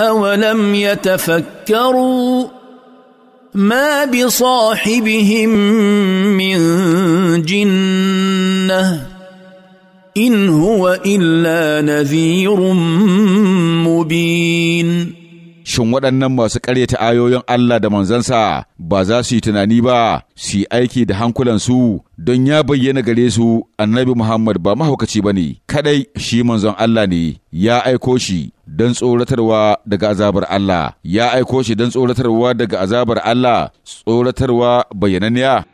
أولم يتفكروا ما بصاحبهم من جنة إن هو إلا نذير مبين Shin waɗannan masu ƙaryata ayoyin Allah da manzansa ba za su yi tunani ba, su yi aiki da hankulansu don ya bayyana gare su annabi Muhammad ba mahaukaci ba ne, kaɗai shi manzon Allah ne, ya aiko shi don tsoratarwa daga azabar Allah, ya aiko shi don tsoratarwa daga azabar Allah, tsoratarwa bayananiya.